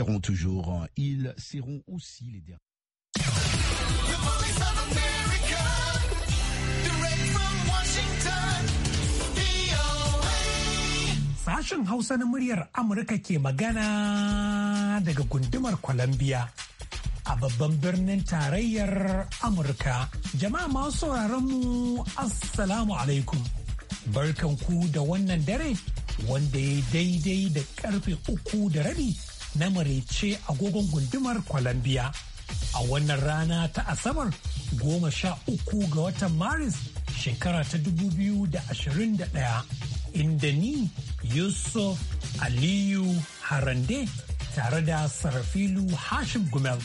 seront toujours, ils seront aussi les derniers. Sashen Hausa na muryar Amurka ke magana daga gundumar Columbia a babban birnin tarayyar Amurka. Jama'a masu mu Assalamu alaikum. Barkanku da wannan dare wanda ya daidai da karfe uku da rabi na marece agogon gundumar Colombia. A wannan rana ta Asabar goma sha uku ga watan Maris shekara ta dubu biyu da ashirin da ɗaya, inda ni Yusuf Aliyu Harande tare da Sarafilu Hashim Gumel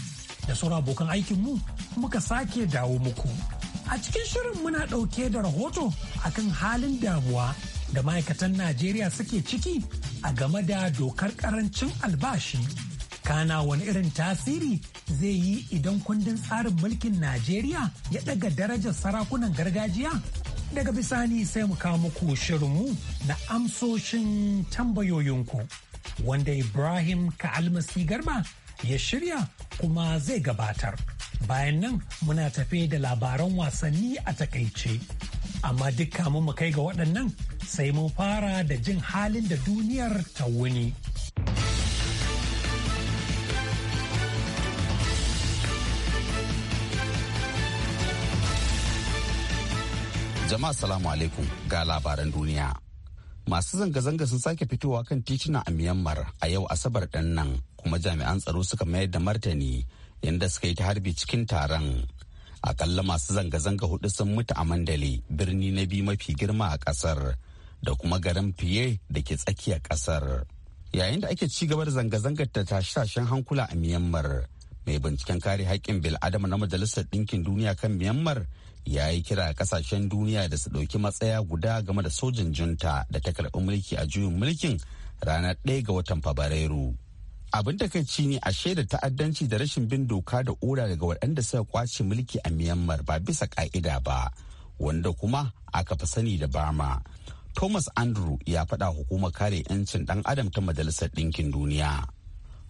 da sauran abokan aikinmu muka sake dawo muku. A cikin shirin muna ɗauke da rahoto akan halin damuwa da ma'aikatan Najeriya suke ciki a game da dokar karancin albashi kana wani irin tasiri zai yi idan kundin tsarin mulkin najeriya ya daga darajar sarakunan gargajiya daga bisani sai mu kawo muku shirinmu na amsoshin tambayoyinku wanda ibrahim ka almasi garba ya shirya kuma zai gabatar bayan nan muna tafe da labaran wasanni a takaice amma dukka kamun mu kai ga waɗannan sai mun fara da jin halin da duniyar ta wuni. Jama'a salamu alaikum ga labaran duniya. Masu zanga-zanga sun sake fitowa kan titina a Myanmar a yau Asabar ɗan nan kuma jami'an tsaro suka mayar da martani yadda suka yi ta harbi cikin taron. akalla masu zanga-zanga hudu sun mutu a mandale birni na biyu mafi girma a kasar da kuma garin fiye da ke tsakiyar kasar yayin da ake ci gaba da zanga-zangar ta tashe-tashen hankula a myanmar mai binciken kare haƙƙin bil'adama na majalisar ɗinkin duniya kan myanmar ya yi kira a kasashen duniya da su ɗauki matsaya guda game da sojin junta da ta karɓi mulki a juyin mulkin ranar 1 ga watan fabrairu abin takaici ne a shaida ta'addanci da rashin bin doka da oda daga waɗanda suka kwace mulki a myanmar ba bisa ka'ida ba wanda kuma aka fi sani da bama thomas andrew ya faɗa hukumar kare 'yancin ɗan adam ta majalisar ɗinkin duniya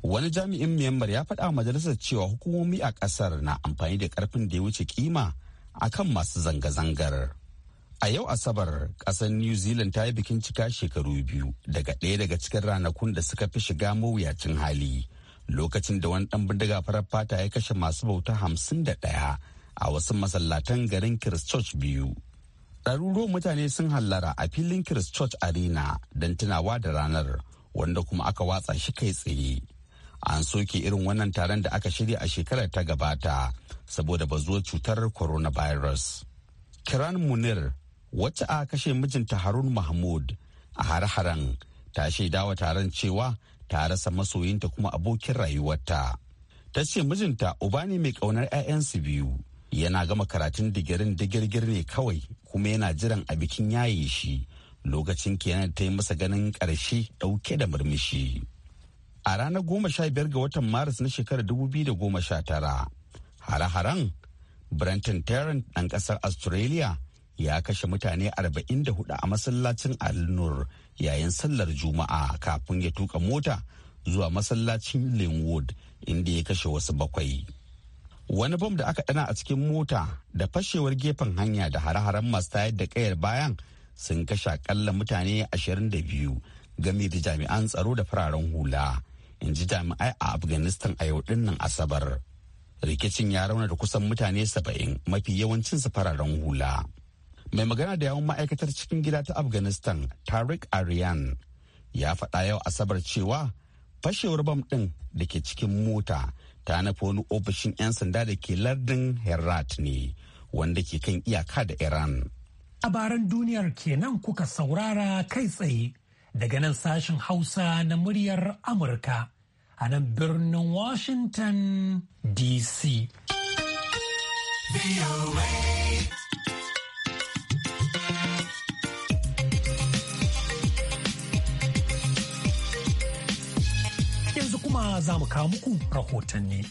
wani jami'in myanmar ya faɗa majalisar cewa hukumomi a ƙasar na amfani da ƙarfin da ya wuce kima akan masu zanga-zangar A yau Asabar, ƙasar New Zealand ta yi bikin cika shekaru biyu daga ɗaya daga cikin ranakun da suka fi shiga mawuyacin hali. Lokacin da wani ɗan bindiga farar fata ya kashe masu bauta hamsin da ɗaya a wasu masallatan garin Christchurch biyu. Ɗaruruwan mutane sun hallara a filin Christchurch Arena don tunawa da ranar, wanda kuma aka watsa shi kai tsaye. An soke irin wannan taron da aka shirya a shekarar ta gabata saboda bazuwar cutar coronavirus. Kiran Munir wacce aka kashe mijinta harun mahmud a har-haren ta shaidawa taron cewa ta rasa masoyinta kuma abokin rayuwarta ta ce mijinta uba ne mai ƙaunar 'ya'yansu biyu yana gama karatun digirin digirgir ne kawai kuma yana jiran a bikin yaye shi lokacin kenan ta yi masa ganin ƙarshe ɗauke da murmushi a ranar goma sha biyar ga watan maris na shekarar dubu biyu da goma sha tara hare-haren brenton tarrant ɗan ƙasar australia ya kashe mutane 44 a masallacin al-nur yayin sallar juma'a kafin ya tuka mota zuwa masallacin linwood inda ya kashe wasu bakwai wani bom da aka dana a cikin mota da fashewar gefen hanya da hare-haren masu tayar da kayar bayan sun kashe akalla mutane 22 game da jami'an tsaro da fararen hula in ji jami'ai a afghanistan a yau dinnan asabar rikicin ya rauna da kusan mutane 70 mafi yawancinsu fararen hula. mai magana da yawun ma'aikatar cikin gida ta afghanistan tariq aryan ya faɗa yau asabar cewa fashewar bam ɗin da ke cikin mota ta nufi wani ofishin 'yan sanda da ke lardin herat ne wanda ke kan iyaka da iran labaran duniyar kenan kuka saurara kai tsaye daga nan sashen hausa na muryar amurka a nan birnin washington dc kuma za mu kawo muku rahotanni.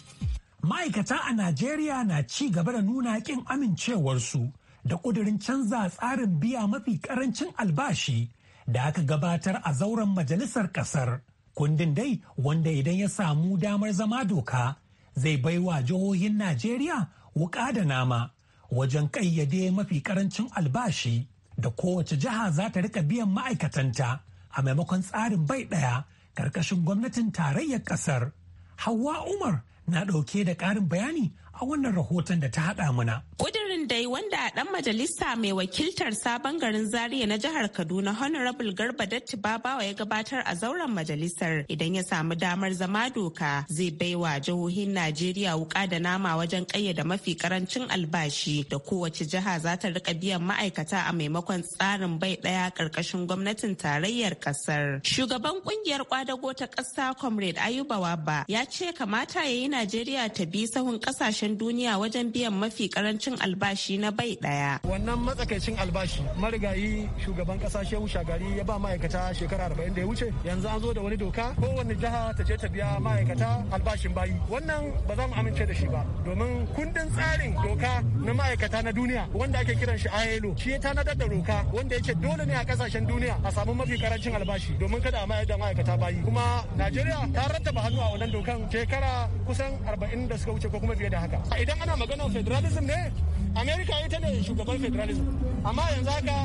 Ma'aikata a Najeriya na ci gaba da nuna ƙin amincewarsu da ƙudurin canza tsarin biya mafi ƙarancin albashi da aka gabatar a zauren majalisar ƙasar. Kundin dai wanda idan ya samu damar zama doka zai baiwa jihohin Najeriya wuƙa da nama wajen ƙayyade mafi ƙarancin albashi da kowace jiha za ta rika biyan ma'aikatanta a maimakon tsarin bai ɗaya Karkashin gwamnatin tarayyar ƙasar. Hauwa Umar na ɗauke da ƙarin bayani a wannan rahoton da ta haɗa muna. Ƙudurin dai wanda a ɗan majalisa mai wakiltar sabon garin Zaria na jihar Kaduna Honorable Garba Datti Babawa ya gabatar a zauren majalisar idan ya samu damar zama doka zai baiwa jihohin Najeriya wuka da nama wajen ƙayyada mafi ƙarancin albashi da kowace jiha za ta rika biyan ma'aikata a maimakon tsarin bai ɗaya ƙarƙashin gwamnatin tarayyar ƙasar. Shugaban ƙungiyar ƙwadago ta ƙasa Comrade Ayuba waba ya ce kamata ya yi Najeriya ta bi sahun ƙasashen kasashen duniya wajen biyan mafi karancin albashi na bai daya. Wannan matsakaicin albashi marigayi shugaban kasa Shehu Shagari ya ba ma'aikata shekara arba'in da ya wuce yanzu an zo da wani doka wani jiha ta je ta biya ma'aikata albashin bayi. Wannan ba za mu amince da shi ba domin kundin tsarin doka na ma'aikata na duniya wanda ake kiran shi ILO shi ya tanadar da doka wanda yake dole ne a kasashen duniya a samu mafi karancin albashi domin kada a mayar da ma'aikata bayi kuma Najeriya ta rattaba hannu a wannan dokan shekara kusan arba'in da suka wuce ko kuma fiye da haka. Amerika. idan ana maganar federalism ne amerika ita ne shugaban federalism amma yanzu haka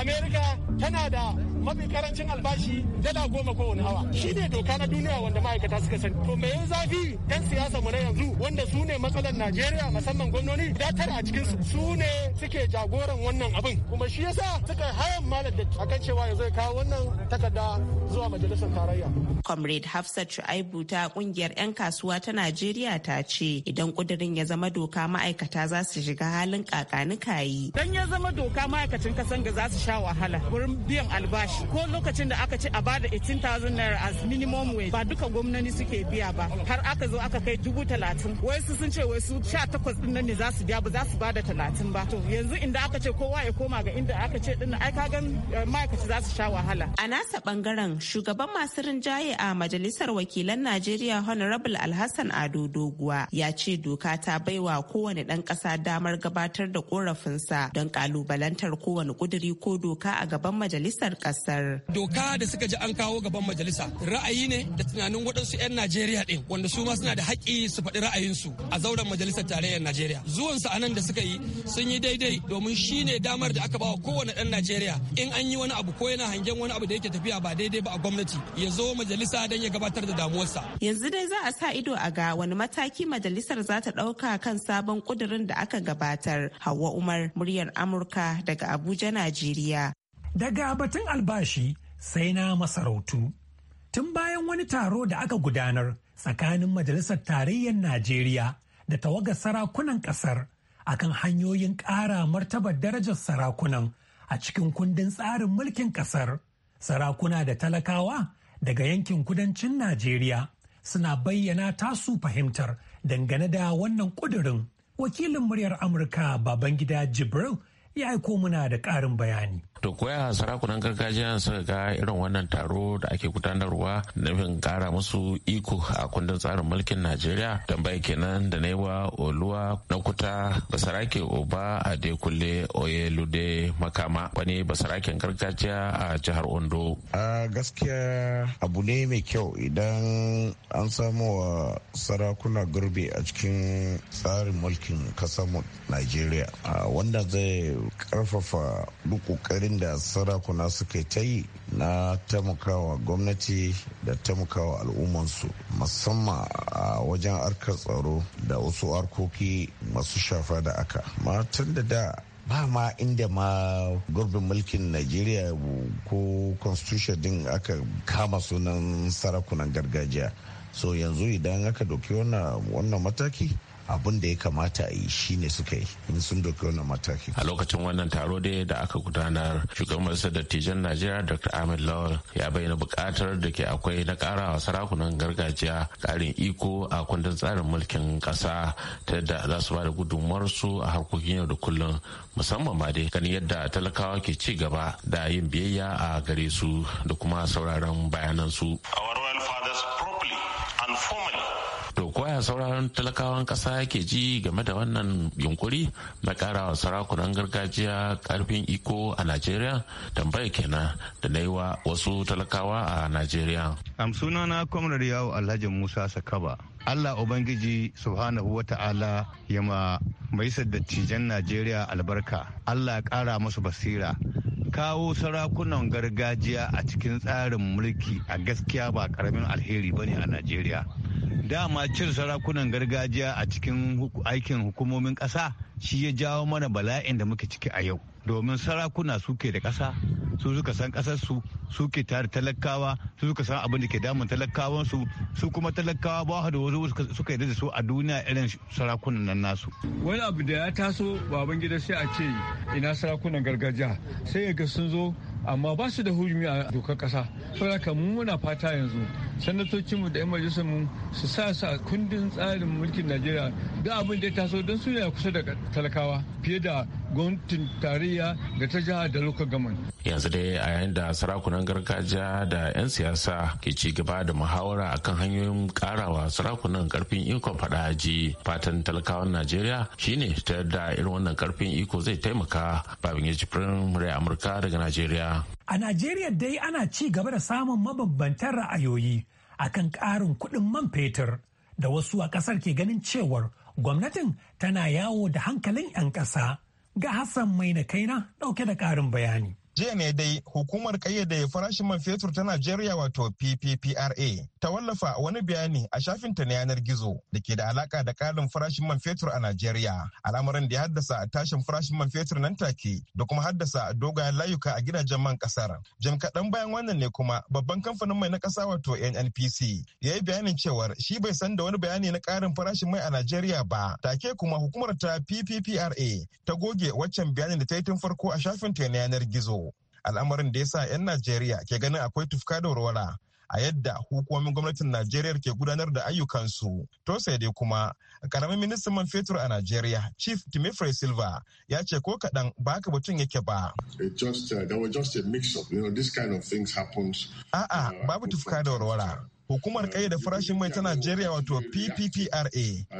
amerika tana da mafi karancin albashi dala goma kowane awa shi ne doka na duniya wanda ma'aikata suka sani to me yin zafi yan siyasa mu na yanzu wanda su ne matsalar najeriya musamman gwamnoni da tara a cikin su su ne suke jagoran wannan abin kuma shi yasa suka hayan malam da akan cewa ya zai kawo wannan takarda zuwa majalisar tarayya comrade hafsat shu'aibu ta kungiyar yan kasuwa ta najeriya ta ce idan kudirin ya zama doka ma'aikata za su shiga halin kakanikayi dan ya zama doka ma'aikacin kasan ga za su sha wahala wurin biyan albashi ko lokacin da aka ce a bada 18,000 naira as minimum wage ba duka gwamnati suke biya ba har aka zo aka kai dubu talatin wai su sun ce wai su sha takwas din nan ne za su biya ba za su bada talatin ba to yanzu inda aka ce kowa ya koma ga inda aka ce din ai ka gan eh, ma'aikaci za su sha wahala a nasa bangaren shugaban masu rinjaye a majalisar wakilan najeriya honorable alhassan ado doguwa ya ce doka ta baiwa kowane dan kasa damar gabatar da korafinsa don kalubalantar kowane kuduri ko doka a gaban majalisar kasa kasar. Doka da suka ji an kawo gaban majalisa ra'ayi ne da tunanin waɗansu 'yan Najeriya ɗin wanda su ma suna da haƙƙi su faɗi ra'ayinsu a zauren majalisar tarayyar Najeriya. Zuwansu a nan da suka yi sun yi daidai domin shi ne damar da aka bawa kowane ɗan Najeriya in an yi wani abu ko yana hangen wani abu da yake tafiya ba daidai ba a gwamnati ya zo majalisa don ya gabatar da damuwarsa. Yanzu dai za a sa ido a ga wani mataki majalisar za ta ɗauka kan sabon ƙudurin da aka gabatar. Hauwa Umar muryar Amurka daga Abuja, Najeriya. daga batun albashi sai na masarautu. Tun bayan wani taro da aka gudanar tsakanin Majalisar Tarayyar Najeriya da tawagar sarakunan ƙasar akan hanyoyin ƙara martabar darajar sarakunan a cikin kundin tsarin mulkin ƙasar. Sarakuna da talakawa daga yankin kudancin Najeriya suna bayyana tasu fahimtar dangane da wannan ƙudurin. Wakilin muryar Amurka Babangida Jibril ya aiko muna da ƙarin bayani. To koya sarakunan gargajiya suka ga irin wannan taro da ake gudanarwa nufin ƙara musu iko a kundin tsarin mulkin Najeriya tambaya kenan da naiwa oluwa na kuta basarake oba a dekule oyelude makama wani basaraken gargajiya a jihar Ondo. A gaskiya abu ne mai kyau idan an samu wa sarakuna gurbi a cikin tsarin mulkin kasar Najeriya wanda zai karfafa kokarin da sarakuna suka ta yi na taimakawa gwamnati da taimakawa al'ummansu musamman a wajen arkar tsaro da wasu arkoki masu shafa da aka matan da da ba ma inda ma gurbin mulkin najeriya ko constitution din aka kama sunan sarakunan gargajiya so yanzu idan aka doki wannan mataki abin da ya kamata a yi shine suka yi in sun doki wannan mataki a lokacin wannan taro dai da aka gudanar shugaban majalisar dattijan najeriya dr ahmed lawal ya bayyana bukatar da ke akwai na karawa sarakunan gargajiya karin iko a kundin tsarin mulkin kasa ta yadda za su ba da su a harkokin yau da kullum musamman ma dai kan yadda talakawa ke ci gaba da yin biyayya a gare su da kuma sauraron bayanansu. A sauraron talakawan ƙasa yake ji game da wannan yunkuri na ƙara wa sarakunan gargajiya karfin iko a najeriya tambaya kenan da na yi wa wasu talakawa a najeriya am sunana kwamrar yawo alhaji musa sakaba Allah Ubangiji Subhanahu wa ta'ala ya ma mai dattijan Najeriya albarka. Allah ƙara masu basira. Kawo sarakunan gargajiya a cikin tsarin mulki a gaskiya ba ƙaramin alheri ba ne a Najeriya. Dama cin sarakunan gargajiya a cikin aikin hukumomin ƙasa shi ya jawo mana bala'in da muke ciki a yau domin sarakuna suke da ƙasa su suka san ƙasarsu suke tare talakawa su suka san abin da ke damun talakawan su kuma talakawa ba da wasu suka yi da su a duniya irin sarakunan nan nasu wani abu da ya taso baban gida sai a ce ina sarakunan gargajiya sai ya ga sun zo amma ba su da hurumi a dokar kasa saboda mu muna fata yanzu sanatocinmu da 'yan majalisar mu su sa su a kundin tsarin mulkin najeriya da abin da ya taso don su kusa da talakawa fiye da gwamnatin tarayya da ta jiha da local government. Yanzu dai a yayin da sarakunan gargajiya da 'yan siyasa ke ci gaba da muhawara akan hanyoyin karawa sarakunan karfin ikon fadaji fatan talakawan Najeriya shine ta yadda irin wannan karfin iko zai taimaka babin ya firamare murai Amurka daga Najeriya. A Najeriya dai ana ci gaba da samun mabambantan ra'ayoyi akan karin kudin man fetur da wasu a kasar ke ganin cewar gwamnatin tana yawo da hankalin 'yan ƙasa. ga Hassan mai na kaina ɗauke da ƙarin bayani. jiya ne dai hukumar kayyade farashin man fetur ta najeriya wato pppra ta wallafa wani bayani a shafinta na yanar gizo da ke da alaka da ƙarin farashin man fetur a najeriya al'amarin da ya haddasa tashin farashin man fetur nan take da kuma haddasa dogayen layuka a gidajen man kasar jim kaɗan bayan wannan ne kuma babban kamfanin mai na ƙasa wato nnpc ya yi bayanin cewar shi bai san da wani bayani na ƙarin farashin mai a najeriya ba take kuma hukumar ta pppra ta goge waccan bayanin da ta yi tun farko a shafinta na yanar gizo al'amarin da ya sa 'yan najeriya ke ganin akwai tufka da warwara a yadda hukumomin gwamnatin Najeriya ke gudanar da ayyukansu. To sai dai kuma, karamin ministan man fetur a Najeriya, Chief Timifre Silva, ya ce ko kaɗan ba ka batun yake ba. Uh, A'a, babu tufka da warwara. Hukumar kai da farashin mai ta Najeriya wato PPPRA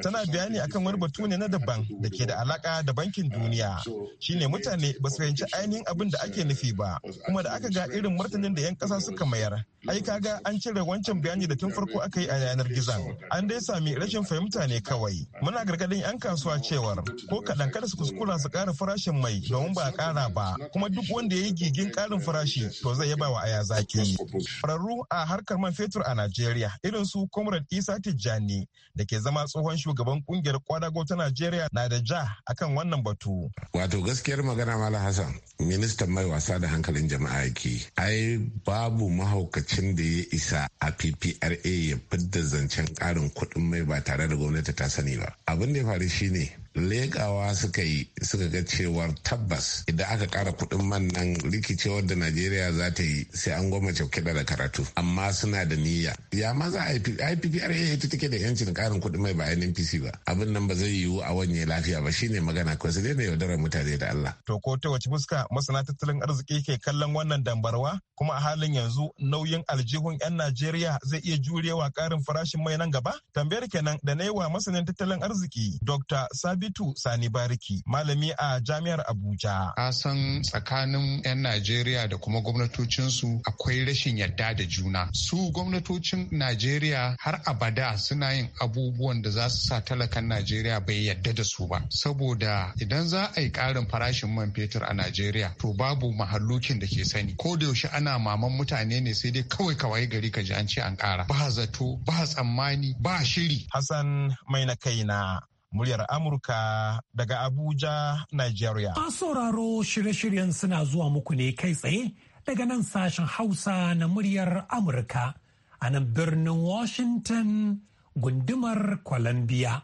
tana bayani akan wani batu ne na daban da ke da alaka da bankin duniya. Shine mutane ba su fahimci ainihin abin da ake nufi ba, kuma da aka ga irin martanin da 'yan ƙasa suka mayar. ai kaga an cire wancan bayani da tun farko aka yi a yanar gizon an dai sami rashin fahimta ne kawai muna gargadin yan kasuwa cewar ko kaɗan kada su kuskura su ƙara farashin mai domin ba a ƙara ba kuma duk wanda ya yi gigin ƙarin farashi to zai yaba wa aya zaki fararru a harkar man fetur a najeriya irin su comrade isa tijjani da ke zama tsohon shugaban kungiyar kwadago ta najeriya na da ja akan wannan batu wato gaskiyar magana malam hassan ministan mai wasa da hankalin jama'a yake ai babu mahaukaci lokacin da ya isa a PPRA ya fidda zancen ƙarin kuɗin mai ba tare da gwamnati ta sani ba. Abin da ya faru shine lekawa suka yi suka ga cewar tabbas idan aka kara kuɗin man nan rikicewar da najeriya za ta yi sai an gwamnati kida da karatu amma suna da niyya ya maza ipra ita take da yancin karin kuɗi mai ba npc ba abin nan ba zai yiwu a wanye lafiya ba shine magana kawai su daina yaudarar mutane da allah to ko ta wace fuska masana tattalin arziki ke kallon wannan dambarwa kuma a halin yanzu nauyin aljihun 'yan najeriya zai iya jurewa karin farashin mai nan gaba tambayar kenan da na yi wa masanin tattalin arziki dr sabi Bitu sani bariki malami a jami'ar abuja a san tsakanin 'yan najeriya da kuma gwamnatocinsu akwai rashin yadda da juna su gwamnatocin najeriya har abada suna yin abubuwan da za su sa talakan najeriya bai yadda da su ba saboda idan za a yi karin farashin man fetur a najeriya to babu mahallukin da ke sani ko da yaushe ana maman mutane ne sai dai kawai kawai gari ka ji an ce an kara ba zato ba tsammani ba shiri hassan mai na kaina muryar Amurka daga Abuja, Nigeria. Masu sauraro shirye-shiryen suna zuwa muku ne kai tsaye daga nan sashen Hausa na muryar Amurka a nan birnin Washington gundumar Columbia.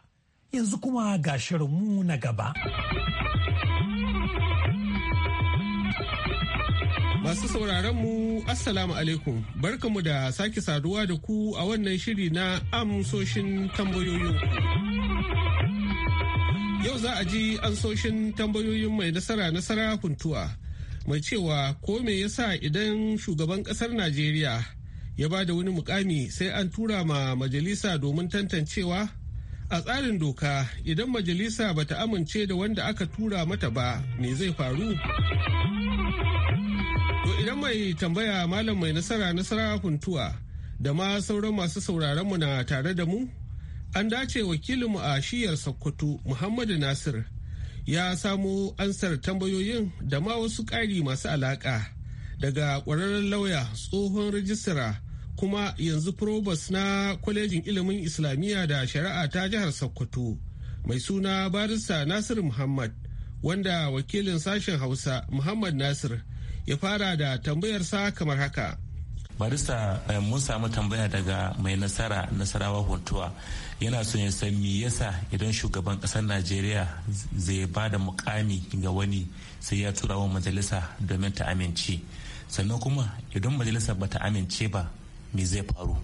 Yanzu kuma ga mu na gaba. Masu sauraron mu Assalamu alaikum barkamu da sake saduwa da ku a wannan shiri na amsoshin tambayoyin. Yau za a ji ansoshin tambayoyin mai nasara na kuntuwa mai cewa ko me yasa idan shugaban kasar Najeriya ya ba da wani mukami sai an tura ma majalisa domin tantancewa? A tsarin doka idan majalisa bata amince da wanda aka tura mata ba me zai faru? To idan mai tambaya malam mai nasara na kuntuwa da ma sauran masu sauraronmu na tare da mu? an dace wakilinmu a shiyar sokoto muhammadu nasir ya samo ansar tambayoyin da ma wasu ƙari masu alaƙa daga ƙwararren lauya tsohon rijistara kuma yanzu probus na kwalejin ilimin islamiyya da shari'a ta jihar sokoto mai suna barista nasir muhammad wanda wakilin sashen hausa muhammad nasir ya fara da tambayarsa kamar haka barista eh, mun samu tambaya daga mai nasara nasarawa huntuwa yana son ya san me yasa idan shugaban kasar najeriya zai ba da mukami ga wani sai ya turawa majalisa domin ta amince sannan kuma idan majalisa ba ta amince ba me zai faru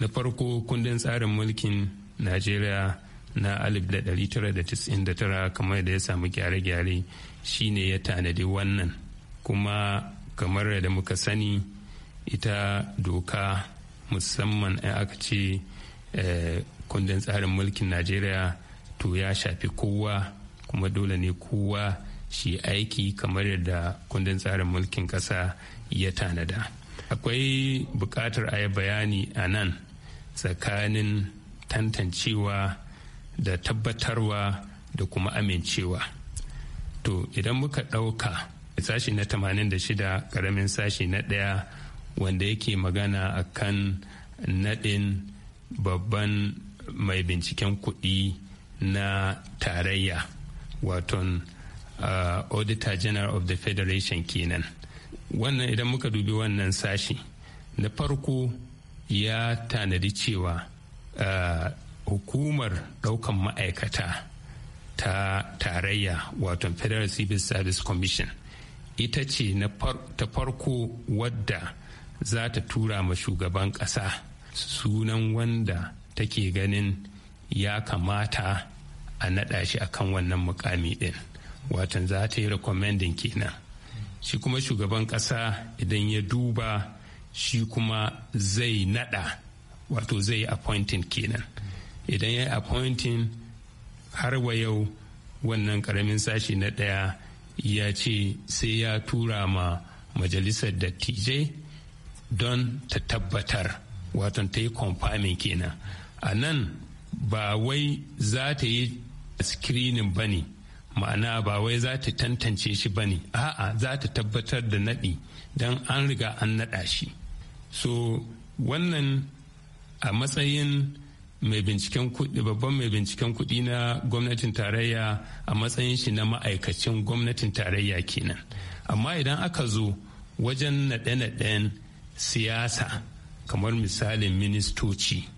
na farko kundin tsarin mulkin najeriya na 1999 kamar da ya samu gyare-gyare shine ya tanadi wannan kuma kamar da muka sani ita doka musamman in aka ce eh, kundin tsarin mulkin najeriya to ya shafi kowa kuma dole ne kowa shi aiki kamar yadda kundin tsarin mulkin kasa ya tanada akwai bukatar a yi bayani a nan tsakanin tantancewa da tabbatarwa da kuma amincewa to idan muka ɗauka sashi na 86 karamin sashi na ɗaya wanda yake magana a kan naɗin babban mai binciken kuɗi na tarayya waton uh, auditor general of the federation kenan wannan idan muka dubi wannan sashi na farko ya tanadi cewa uh, hukumar ɗaukan ma'aikata ta tarayya wato federal civil service commission ita ce ta farko wadda za ta tura ma shugaban ƙasa sunan wanda take ganin ya kamata a naɗa shi a kan wannan mukami ɗin watan za ta yi rekomendin kenan shi kuma shugaban ƙasa idan ya duba shi kuma zai naɗa wato zai yi appointing kenan idan ya yi appointing har wa yau wannan ƙaramin sashi na ɗaya ya ce sai ya tura ma majalisar dattijai don ta tabbatar watan ta yi confirming kenan a nan ba wai za ta yi screening ba ne ma'ana ba wai za ta tantance shi ba ne a'a za ta tabbatar da naɗi don an riga an naɗa shi so wannan a matsayin mai binciken kuɗi babban mai binciken kuɗi na gwamnatin tarayya a matsayin shi na ma'aikacin gwamnatin tarayya kenan amma idan aka zo wajen naɗe-naɗen siyasa kamar misalin ministoci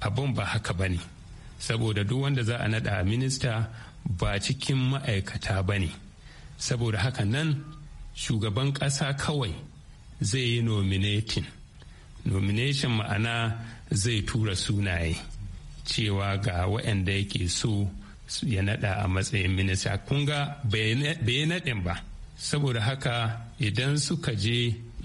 abun ba haka ba ne saboda duk wanda za a nada minista ba cikin ma'aikata ba ne saboda haka nan shugaban ƙasa kawai zai yi nominatin nomination ma'ana zai tura sunaye cewa ga waɗanda yake so ya nada a matsayin minista kunga ga bai naɗin ba saboda haka idan suka je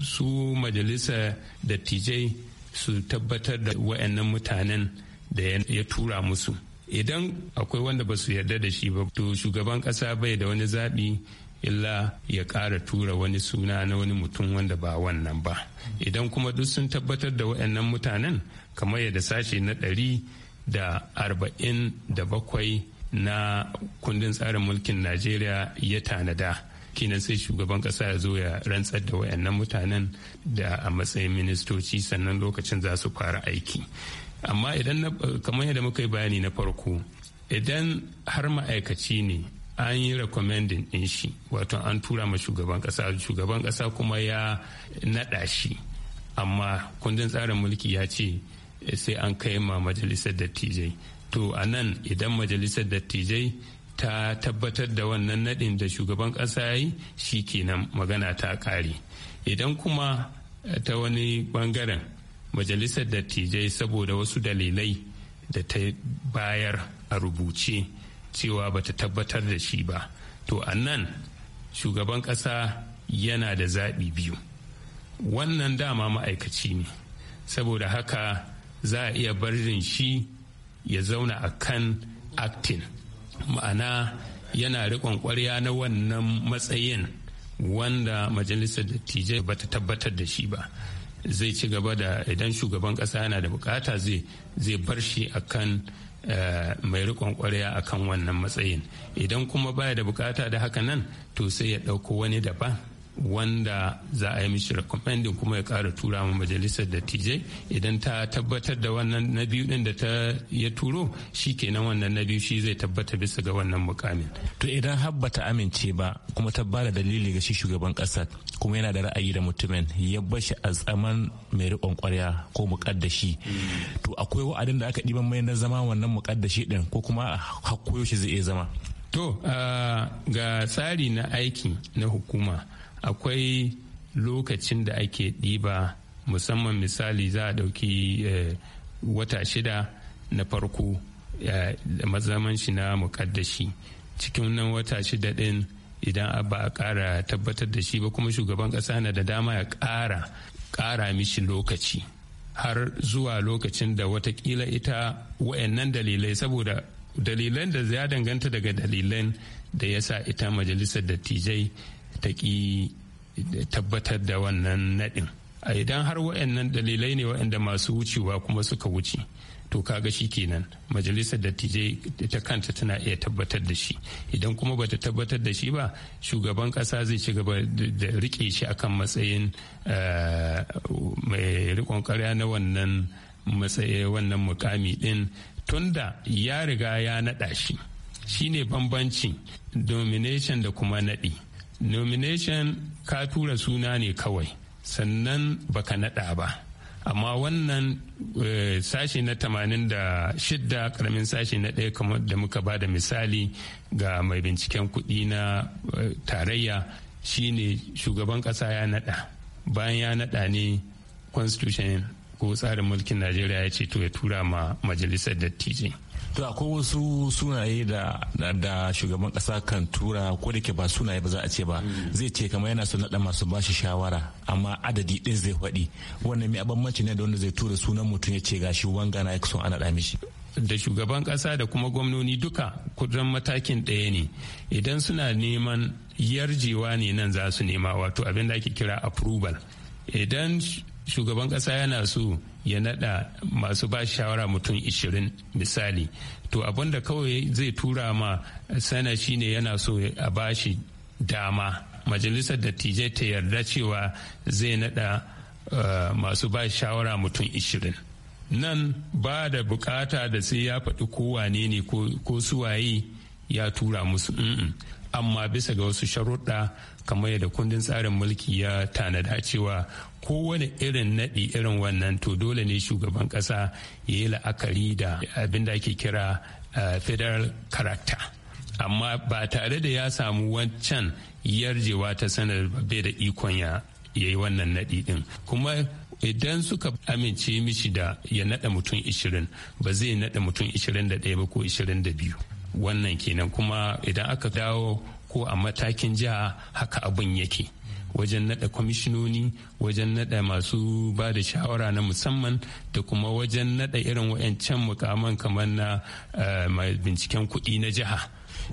su majalisa dattijai su tabbatar da wa'annan mutanen da ya tura musu idan akwai wanda ba su yarda da shi ba to shugaban kasa bai da wani zaɓi illa ya ƙara tura wani suna na wani mutum wanda ba wannan ba idan kuma duk sun tabbatar da wa'annan mutanen kamar yadda sashe na ɗari da arba'in da bakwai na kundin tsarin mulkin najeriya ya tanada kinan sai shugaban kasa ya zo ya rantsar da wayannan mutanen da a matsayin ministoci sannan lokacin za su fara aiki amma idan kamar yadda muka yi bayani na farko idan har ma'aikaci ne an yi recommending din shi wato an tura ma shugaban kasa shugaban kasa kuma ya naɗa shi amma kundin tsarin mulki ya ce sai an kai ma majalisar dattijai to a nan idan majalisar dattijai ta tabbatar da wannan nadin da shugaban kasa ya yi shi kenan magana ta kare idan kuma eh, ta wani bangaren majalisar dattijai saboda wasu dalilai da ta bayar a rubuce cewa ba ta tabbatar da shi ba to a nan shugaban kasa yana da zaɓi biyu wannan dama ma'aikaci ne saboda haka za a iya barin shi ya zauna a kan actin. ma'ana yana riƙon kwarya na wannan matsayin wanda majalisar dattijai ba ta tabbatar da shi ba zai ci gaba da idan shugaban ƙasa yana da bukata zai bar shi akan eh, mai riƙon ƙwarya akan wannan matsayin idan kuma baya da bukata da haka nan to sai ya ɗauko wani daban wanda za a yi mishi recommending kuma ya kara tura ma majalisar dattijai idan ta tabbatar da wannan na biyu din da ta ya turo shi kenan wannan na biyu shi zai tabbata bisa ga wannan mukamin to idan Habba ta amince ba kuma ta bada dalili ga shi shugaban kasar kuma yana da ra'ayi da mutumin ya bashi a tsaman mai riƙon kwarya ko mukaddashi to akwai wa'adin da aka ɗiban mai na zama wannan mukaddashi din ko kuma hakkoyo shi zai iya zama to ah, ga tsari na aiki na hukuma akwai lokacin da ake ɗiba musamman misali za a ɗauki eh, wata shida na farko mazaman eh, shi na mukaddashi cikin nan wata shida ɗin idan ba a ƙara tabbatar da shi ba kuma shugaban ƙasa na da dama ya ƙara ƙara mishi lokaci har zuwa lokacin da watakila ita wa'annan dalilai saboda dalilan da ya danganta daga dalilan da ya sa ita majalisar dattijai ta ki tabbatar da wannan naɗin idan har wa'annan dalilai ne waɗanda masu wucewa kuma suka wuce to ka ga shi kenan majalisar dattijai ta kanta tana iya tabbatar da shi idan kuma bata tabbatar da shi ba shugaban kasa zai ci gaba da rike shi akan matsayin eh, mai rikon karya na wannan matsayi wannan mukami din tunda ya riga ya naɗa shi shine bambancin domination da kuma naɗi nomination ka tura suna ne kawai sannan baka naɗa ba amma wannan eh, sashe na tamanin da shidda karamin sashe na ɗaya kamar da muka ba da misali ga mai binciken kuɗi na eh, tarayya shine shugaban ƙasa ya naɗa bayan ya naɗa ne constitution ko tsarin mulkin najeriya ya ce to ya tura ma majalisar dattijai to akwai wasu sunaye da shugaban kasa kan tura ko da ke ba sunaye ba za a ce ba mm. zai ce kamar yana son nada masu bashi shawara amma adadi din zai faɗi wannan mai ne da wanda zai tura sunan mutum ya ce gashi wanga na son ana da mishi da shugaban kasa da kuma gwamnoni duka kudin matakin ɗaya ne idan suna neman yarjewa ne nan za su nema wato abin da ake kira approval idan shugaban kasa yana so ya nada masu ba shawara mutum 20 misali to abinda kawai zai tura ma sana shine yana so a ba shi dama majalisar dattijai ta yarda cewa zai nada eh, masu ba shawara mutum 20 nan ba da bukata da sai ya faɗi kowane ne ko suwaye ya tura musu amma bisa ga wasu sharuɗa kamar yadda kundin tsarin mulki ya tanada cewa kowane irin naɗi irin wannan to dole ne shugaban ƙasa ya yi la'akari da abin da ake kira eh, federal character amma ba tare da ya samu wancan yarjewa ta sanar bai da ikon ya yi wannan naɗi ɗin kuma idan suka amince mishi da ya naɗa mutum 20 ba zai naɗa mutum 21 ba ko 22 wannan kenan kuma idan aka dawo ko a matakin jiha haka abin yake wajen nada kwamishinoni wajen nada masu ba da shawara na musamman da kuma wajen nada irin wayancan mukaman kamar na eh, binciken kuɗi na jiha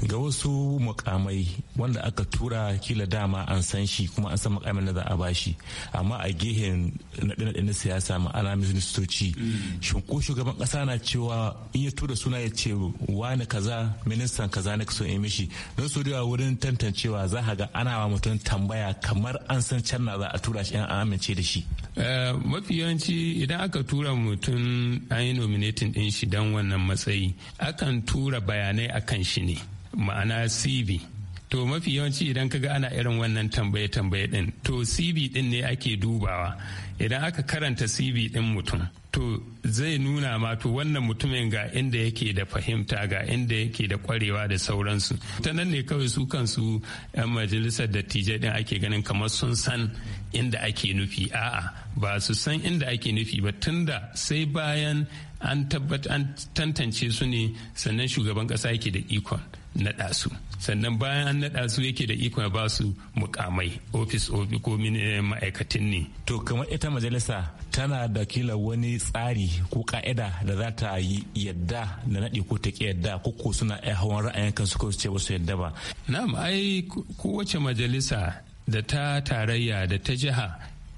ga wasu mukamai wanda aka tura kila dama an san shi kuma an san mukamin da za a bashi amma a gehen naɗe-naɗe na siyasa ma'ana ministoci mm. shin ko shugaban ƙasa na cewa in ya tura suna ya ce wani kaza ministan kaza na kaso in mishi don su da wurin tantancewa za ka ga ana wa mutum tambaya kamar an san can na za a tura shi an amince da shi. Eh, mafi yawanci idan aka tura mutum an yi nominating din shi don wannan matsayi akan tura bayanai akan shi ne ma'ana cv to mafi yawanci idan kaga ana irin wannan tambaye-tambaye din to cv din ne ake dubawa idan aka karanta cv din mutum to zai nuna ma to wannan mutumin ga inda yake da fahimta ga inda yake da kwarewa da sauransu ta nan ne kawai su kansu 'yan majalisar dattijai din ake ganin kamar sun san inda ake nufi a'a ba su san inda ake nufi ba tunda sai bayan an an tantance su ne sannan shugaban kasa yake da ikon naɗa su sannan bayan an naɗa su yake da ikon ba su mukamai ofis ko eh, ma'aikatin ne to kamar ita majalisa tana da kila wani tsari ko ka'ida da za ta yi yadda da naɗi ko ta yadda ko ko suna hawan ra'ayin kansu ko ce ba su yadda ba na'am ai kowace majalisa da ta tarayya da ta jiha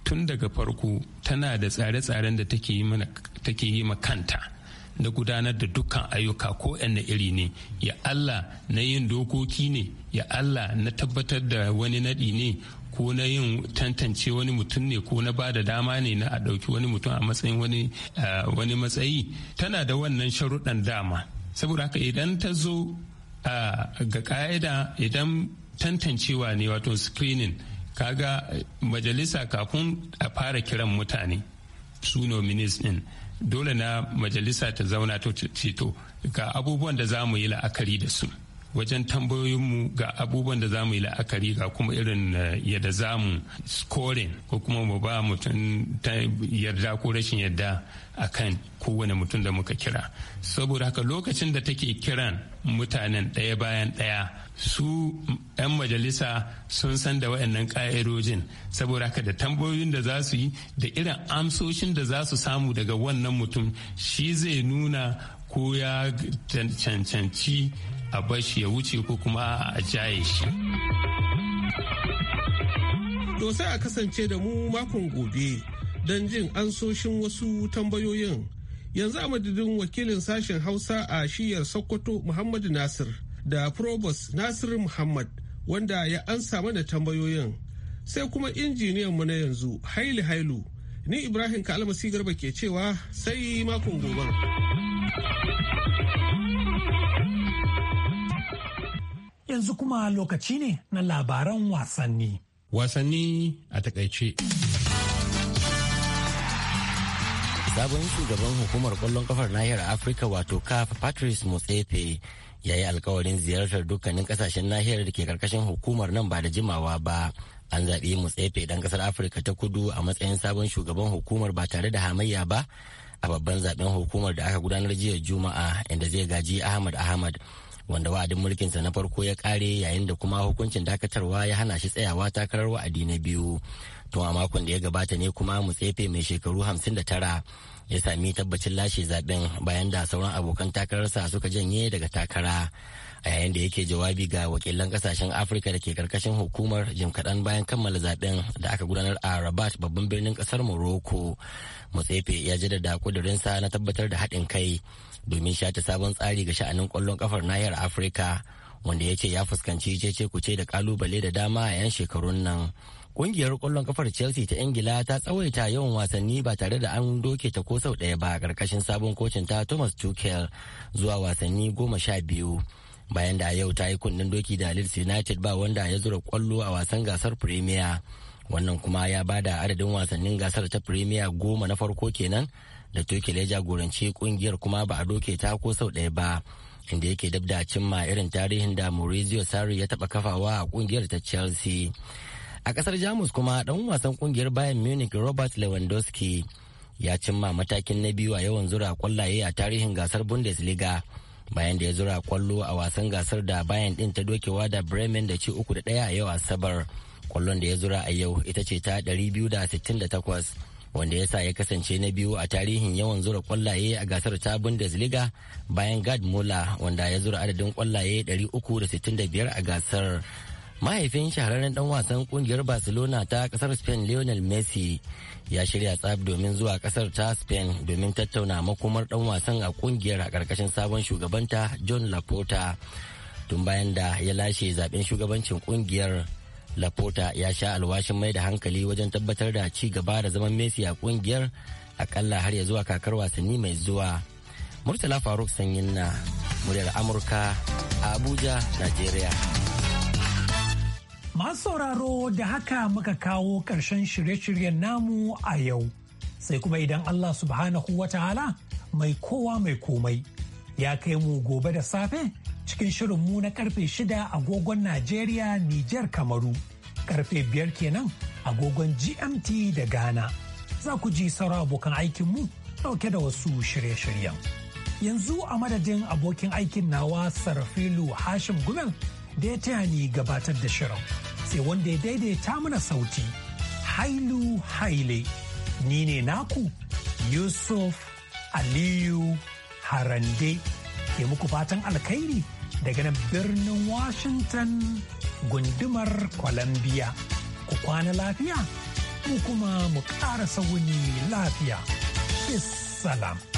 tun daga farko tana da tsare-tsaren da take yi ma kanta na gudanar da dukkan ayyuka ko na iri ne ya Allah na yin dokoki ne ya Allah na tabbatar da wani naɗi ne ko na yin tantance wani mutum ne ko na bada dama ne na a ɗauki wani mutum a matsayin wani matsayi tana da wannan sharuɗan dama saboda haka idan ta zo ga ƙa'ida idan tantancewa ne wato screening kaga majalisa kafin a fara kiran mutane su nominees din dole na majalisa ta zauna ta ceto ga abubuwan da za mu yi la'akari da su wajen tambayoyinmu ga abubuwan da za mu yi la'akari ga kuma irin eh, yadda za mu scoring ko kuma mu ba mutum ta yarda ko rashin yarda a kan kowane mutum da muka kira saboda haka lokacin da take kiran mutanen ɗaya bayan ɗaya su 'yan majalisa sun san da waɗannan ƙa'irojin saboda haka da tambayoyin da za su yi da irin amsoshin da za su samu daga wannan mutum shi zai nuna ko ya cancanci a bar shi ya wuce ko kuma a jaye shi. To sai a kasance da mu makon gobe don jin ansoshin wasu tambayoyin. Yanzu a madadin wakilin sashen Hausa a shiyar Sokoto Muhammadu Nasir da Probos Nasir Muhammad wanda ya ansa mana tambayoyin. Sai kuma injiniyan mu na yanzu Haili Hailu. Ni Ibrahim Kalmasi Garba ke cewa sai makon gobe. yanzu kuma lokaci ne na labaran wasanni. Wasanni a takaice. Sabon shugaban hukumar kwallon kafar nahiyar Afirka wato CAF Patrice Motsepe ya yi alkawarin ziyartar dukkanin kasashen nahiyar da ke karkashin hukumar nan ba da jimawa ba. An zaɓi Motsepe ɗan ƙasar Afirka ta kudu a matsayin sabon shugaban hukumar ba tare da hamayya ba a babban zaɓen hukumar da aka gudanar jiya Juma'a inda zai gaji Ahmad Ahmad. wanda wa'adin mulkinsa na farko ya kare yayin da kuma hukuncin dakatarwa ya hana shi tsayawa takarar wa'adi na biyu tun a makon da ya gabata ne kuma mutsefe mai shekaru hamsin da tara ya sami tabbacin lashe zaɓen bayan da sauran abokan takararsa suka janye daga takara a yayin da yake jawabi ga wakilan kasashen afirka da ke karkashin hukumar jim kaɗan bayan kammala zaɓen da aka gudanar a rabat babban birnin ƙasar morocco mutsefe ya jaddada kudurinsa na tabbatar da haɗin kai domin shata sabon tsari ga sha'anin ƙwallon ƙafar nahiyar afirka wanda ya ce ya fuskanci cece kuce da ƙalubale da dama a 'yan shekarun nan Kungiyar kwallon kafar Chelsea ta Ingila ta tsawaita yawan wasanni ba tare da an doke ta ko sau ɗaya ba a karkashin sabon kocin ta Thomas Tuchel zuwa wasanni goma sha biyu. Bayan da yau ta yi kunnen doki da Leeds United ba wanda ya zura kwallo a wasan gasar Premier. Wannan kuma ya bada adadin wasannin gasar ta Premier goma na farko kenan da Tuchel ya jagoranci kungiyar kuma ba a doke ta ko sau ɗaya ba. inda yake dabda cimma irin tarihin da Maurizio Sarri ya taba kafawa a kungiyar ta Chelsea. a kasar jamus kuma dan wasan kungiyar bayan munich robert lewandowski ya cimma matakin na biyu a yawan zura kwallaye a tarihin gasar bundesliga bayan da ya zura kwallo a wasan gasar da bayan din ta dokewa da bremen da ci uku da daya a yau asabar kwallon da ya zura a yau ita ce ta 268 wanda ya sa ya kasance na biyu a tarihin yawan zura kwallaye a gasar ta bundesliga bayan gad mola wanda ya zura adadin kwallaye biyar a gasar mahaifin shahararren dan wasan kungiyar barcelona ta kasar spain lionel messi ya shirya tsab domin zuwa kasar ta spain domin tattauna makomar dan wasan a kungiyar a karkashin sabon shugabanta john laporta tun bayan da ya lashe zaben shugabancin kungiyar laporta ya sha alwashin mai da hankali wajen tabbatar da ci gaba da zaman messi a kungiyar akalla har ya zuwa kakar wasanni mai zuwa murtala faruk sanyin na muryar amurka a abuja nigeria Masu sauraro da haka muka kawo ƙarshen shirye-shiryen namu a yau. Sai kuma idan Allah subhanahu wa ta'ala mai kowa mai komai ya kai mu gobe da safe cikin shirin mu na karfe shida agogon Najeriya, Nijar, Kamaru. Karfe biyar kenan agogon GMT da Ghana. Za ku ji sauran abokan aikinmu ɗauke da wasu shirye-shiryen. Yanzu a madadin abokin aikin nawa Sarafilu Hashim Gumel da ya taya ni gabatar da shirin. sai wanda ya daidaita mana sauti hailu haile ni ne naku yusuf aliyu harande ke muku fatan alkhairi daga nan birnin washington gundumar columbia ku kwana lafiya ku kuma mu ƙara sauni lafiya. Peace